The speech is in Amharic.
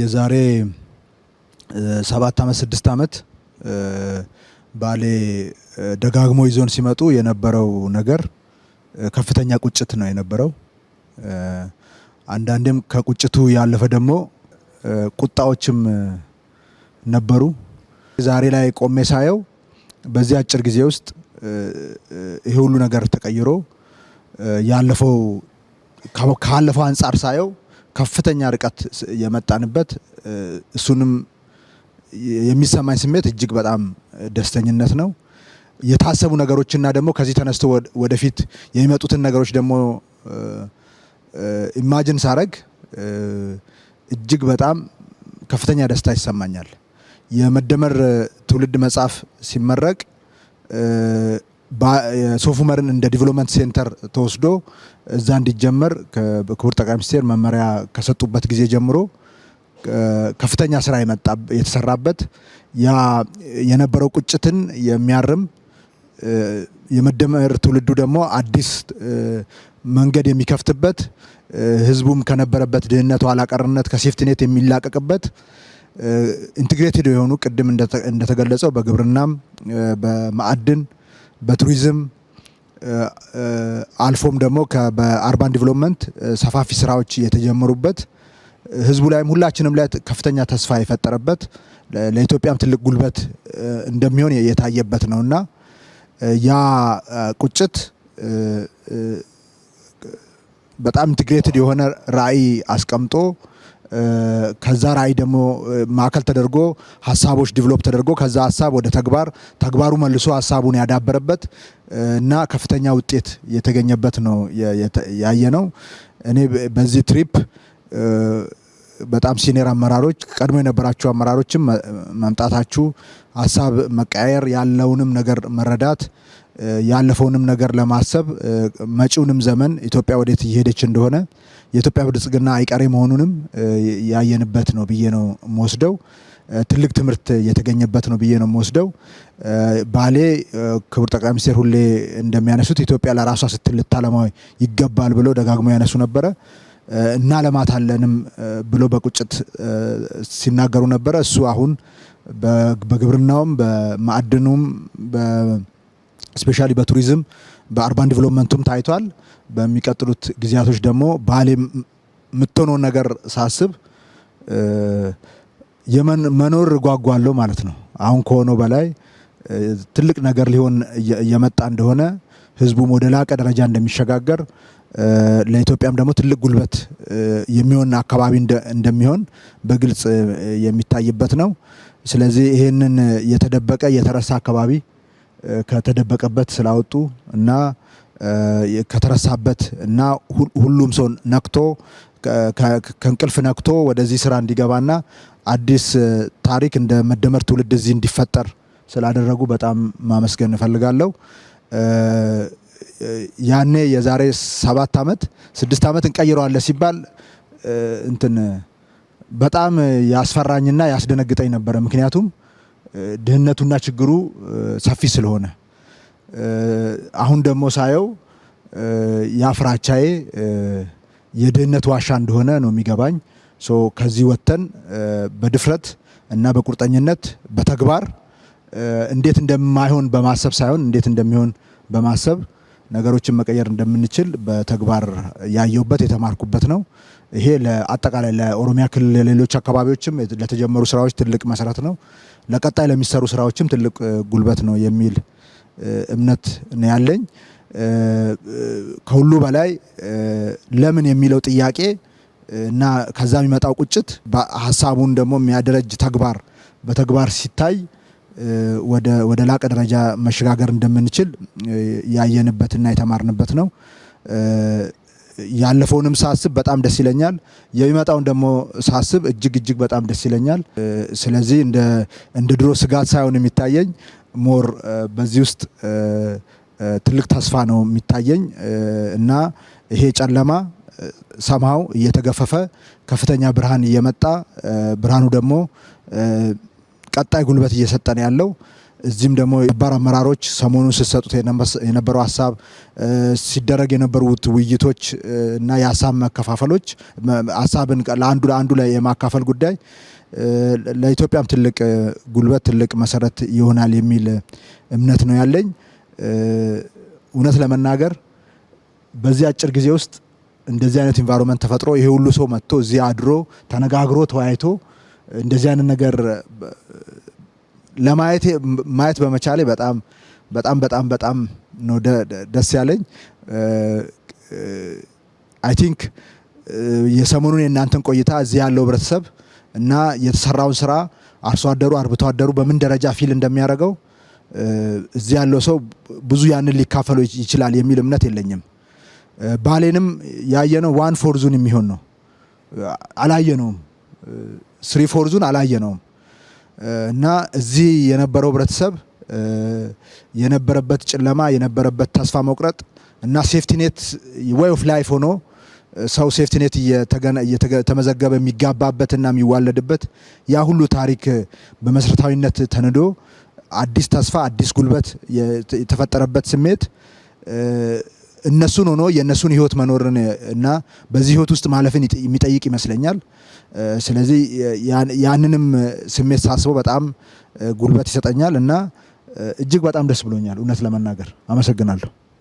የዛሬ ሰባት ዓመት ስድስት ዓመት ባሌ ደጋግሞ ይዞን ሲመጡ የነበረው ነገር ከፍተኛ ቁጭት ነው የነበረው። አንዳንዴም ከቁጭቱ ያለፈ ደግሞ ቁጣዎችም ነበሩ። ዛሬ ላይ ቆሜ ሳየው በዚህ አጭር ጊዜ ውስጥ ይሄ ሁሉ ነገር ተቀይሮ ያለፈው ካለፈው አንጻር ሳየው ከፍተኛ ርቀት የመጣንበት እሱንም የሚሰማኝ ስሜት እጅግ በጣም ደስተኝነት ነው። የታሰቡ ነገሮችና ደግሞ ከዚህ ተነስቶ ወደፊት የሚመጡትን ነገሮች ደግሞ ኢማጅን ሳረግ እጅግ በጣም ከፍተኛ ደስታ ይሰማኛል። የመደመር ትውልድ መጽሐፍ ሲመረቅ ሶፉመርን እንደ ዲቨሎፕመንት ሴንተር ተወስዶ እዛ እንዲጀመር ክቡር ጠቅላይ ሚኒስቴር መመሪያ ከሰጡበት ጊዜ ጀምሮ ከፍተኛ ስራ የተሰራበት ያ የነበረው ቁጭትን የሚያርም የመደመር ትውልዱ ደግሞ አዲስ መንገድ የሚከፍትበት ህዝቡም ከነበረበት ድህነቱ ኋላቀርነት ከሴፍትኔት የሚላቀቅበት ኢንትግሬትድ የሆኑ ቅድም እንደተገለጸው በግብርናም በማዕድን በቱሪዝም አልፎም ደግሞ በአርባን ዲቨሎፕመንት ሰፋፊ ስራዎች የተጀመሩበት ህዝቡ ላይም ሁላችንም ላይ ከፍተኛ ተስፋ የፈጠረበት ለኢትዮጵያም ትልቅ ጉልበት እንደሚሆን የታየበት ነው እና ያ ቁጭት በጣም ኢንትግሬትድ የሆነ ራዕይ አስቀምጦ ከዛ ራዕይ ደግሞ ማዕከል ተደርጎ ሀሳቦች ዲቨሎፕ ተደርጎ ከዛ ሀሳብ ወደ ተግባር ተግባሩ መልሶ ሀሳቡን ያዳበረበት እና ከፍተኛ ውጤት የተገኘበት ነው ያየ ነው። እኔ በዚህ ትሪፕ በጣም ሲኒየር አመራሮች ቀድሞ የነበራችሁ አመራሮችም መምጣታችሁ ሀሳብ መቀያየር ያለውንም ነገር መረዳት ያለፈውንም ነገር ለማሰብ መጪውንም ዘመን ኢትዮጵያ ወዴት እየሄደች እንደሆነ የኢትዮጵያ ብልጽግና አይቀሬ መሆኑንም ያየንበት ነው ብዬ ነው የምወስደው። ትልቅ ትምህርት የተገኘበት ነው ብዬ ነው የምወስደው። ባሌ ክቡር ጠቅላይ ሚኒስትር ሁሌ እንደሚያነሱት ኢትዮጵያ ለራሷ ስትል ልታለማው ይገባል ብለው ደጋግመው ያነሱ ነበረ። እና አለንም ብሎ በቁጭት ሲናገሩ ነበረ። እሱ አሁን በግብርናውም በማዕድኑም ስፔሻሊ በቱሪዝም በአርባን ዲቨሎፕመንቱም ታይቷል። በሚቀጥሉት ጊዜያቶች ደግሞ ባሌ የምትሆነውን ነገር ሳስብ የመኖር እጓጓለሁ ማለት ነው። አሁን ከሆነው በላይ ትልቅ ነገር ሊሆን እየመጣ እንደሆነ ህዝቡም ወደ ላቀ ደረጃ እንደሚሸጋገር ለኢትዮጵያም ደግሞ ትልቅ ጉልበት የሚሆን አካባቢ እንደሚሆን በግልጽ የሚታይበት ነው። ስለዚህ ይህንን የተደበቀ የተረሳ አካባቢ ከተደበቀበት ስላወጡ እና ከተረሳበት እና ሁሉም ሰው ነክቶ ከእንቅልፍ ነክቶ ወደዚህ ስራ እንዲገባና አዲስ ታሪክ እንደ መደመር ትውልድ እዚህ እንዲፈጠር ስላደረጉ በጣም ማመስገን እፈልጋለሁ። ያኔ የዛሬ ሰባት ዓመት ስድስት ዓመት እንቀይረዋለን ሲባል እንትን በጣም ያስፈራኝና ያስደነግጠኝ ነበረ ምክንያቱም ድህነቱና ችግሩ ሰፊ ስለሆነ አሁን ደግሞ ሳየው የአፍራቻዬ የድህነት ዋሻ እንደሆነ ነው የሚገባኝ። ከዚህ ወጥተን በድፍረት እና በቁርጠኝነት በተግባር እንዴት እንደማይሆን በማሰብ ሳይሆን እንዴት እንደሚሆን በማሰብ ነገሮችን መቀየር እንደምንችል በተግባር ያየሁበት የተማርኩበት ነው። ይሄ ለአጠቃላይ ለኦሮሚያ ክልል ለሌሎች አካባቢዎችም ለተጀመሩ ስራዎች ትልቅ መሰረት ነው፣ ለቀጣይ ለሚሰሩ ስራዎችም ትልቅ ጉልበት ነው የሚል እምነት ነው ያለኝ። ከሁሉ በላይ ለምን የሚለው ጥያቄ እና ከዛ የሚመጣው ቁጭት ሀሳቡን ደግሞ የሚያደረጅ ተግባር በተግባር ሲታይ ወደ ላቀ ደረጃ መሸጋገር እንደምንችል ያየንበትና የተማርንበት ነው። ያለፈውንም ሳስብ በጣም ደስ ይለኛል። የሚመጣውን ደግሞ ሳስብ እጅግ እጅግ በጣም ደስ ይለኛል። ስለዚህ እንደ ድሮ ስጋት ሳይሆን የሚታየኝ ሞር በዚህ ውስጥ ትልቅ ተስፋ ነው የሚታየኝ እና ይሄ ጨለማ ሰማው እየተገፈፈ ከፍተኛ ብርሃን እየመጣ ብርሃኑ ደግሞ ቀጣይ ጉልበት እየሰጠን ያለው እዚህም ደግሞ ነባር አመራሮች ሰሞኑን ስሰጡት የነበረው ሀሳብ ሲደረግ የነበሩት ውይይቶች እና የሀሳብ መከፋፈሎች ሀሳብን ለአንዱ ለአንዱ ላይ የማካፈል ጉዳይ ለኢትዮጵያም ትልቅ ጉልበት ትልቅ መሰረት ይሆናል የሚል እምነት ነው ያለኝ። እውነት ለመናገር በዚህ አጭር ጊዜ ውስጥ እንደዚህ አይነት ኢንቫይሮንመንት ተፈጥሮ ይሄ ሁሉ ሰው መጥቶ እዚህ አድሮ ተነጋግሮ ተወያይቶ እንደዚህ አይነት ነገር ለማየት ማየት በመቻሌ በጣም በጣም በጣም በጣም ነው ደስ ያለኝ። አይ ቲንክ የሰሞኑን የእናንተን ቆይታ እዚህ ያለው ህብረተሰብ እና የተሰራውን ስራ አርሶ አደሩ አርብቶ አደሩ በምን ደረጃ ፊል እንደሚያደርገው እዚህ ያለው ሰው ብዙ ያንን ሊካፈለው ይችላል የሚል እምነት የለኝም። ባሌንም ያየነው ዋን ፎርዙን የሚሆን ነው አላየነውም። ስሪ ፎርዙን ነውም እና እዚህ የነበረው ህብረተሰብ የነበረበት ጨለማ የነበረበት ተስፋ መቁረጥ እና ሴፍቲኔት ወይ ኦፍ ላይፍ ሆኖ ሰው ሴፍቲኔት እየተመዘገበ የሚጋባበትና የሚዋለድበት ያ ሁሉ ታሪክ በመሰረታዊነት ተንዶ አዲስ ተስፋ አዲስ ጉልበት የተፈጠረበት ስሜት እነሱን ሆኖ የእነሱን ህይወት መኖርን እና በዚህ ህይወት ውስጥ ማለፍን የሚጠይቅ ይመስለኛል። ስለዚህ ያንንም ስሜት ሳስበው በጣም ጉልበት ይሰጠኛል እና እጅግ በጣም ደስ ብሎኛል እውነት ለመናገር አመሰግናለሁ።